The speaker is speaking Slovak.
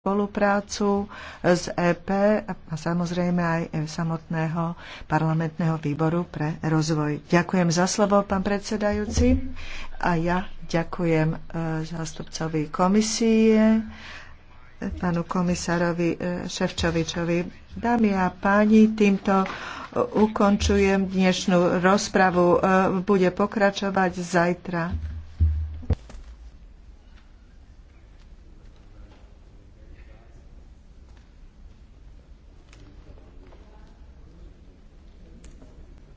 spoluprácu s EP a samozrejme aj samotného parlamentného výboru pre rozvoj. Ďakujem za slovo, pán predsedajúci, a ja ďakujem e, zástupcovi komisie, pánu komisárovi e, Ševčovičovi. Dámy a páni, týmto ukončujem dnešnú rozpravu. E, bude pokračovať zajtra.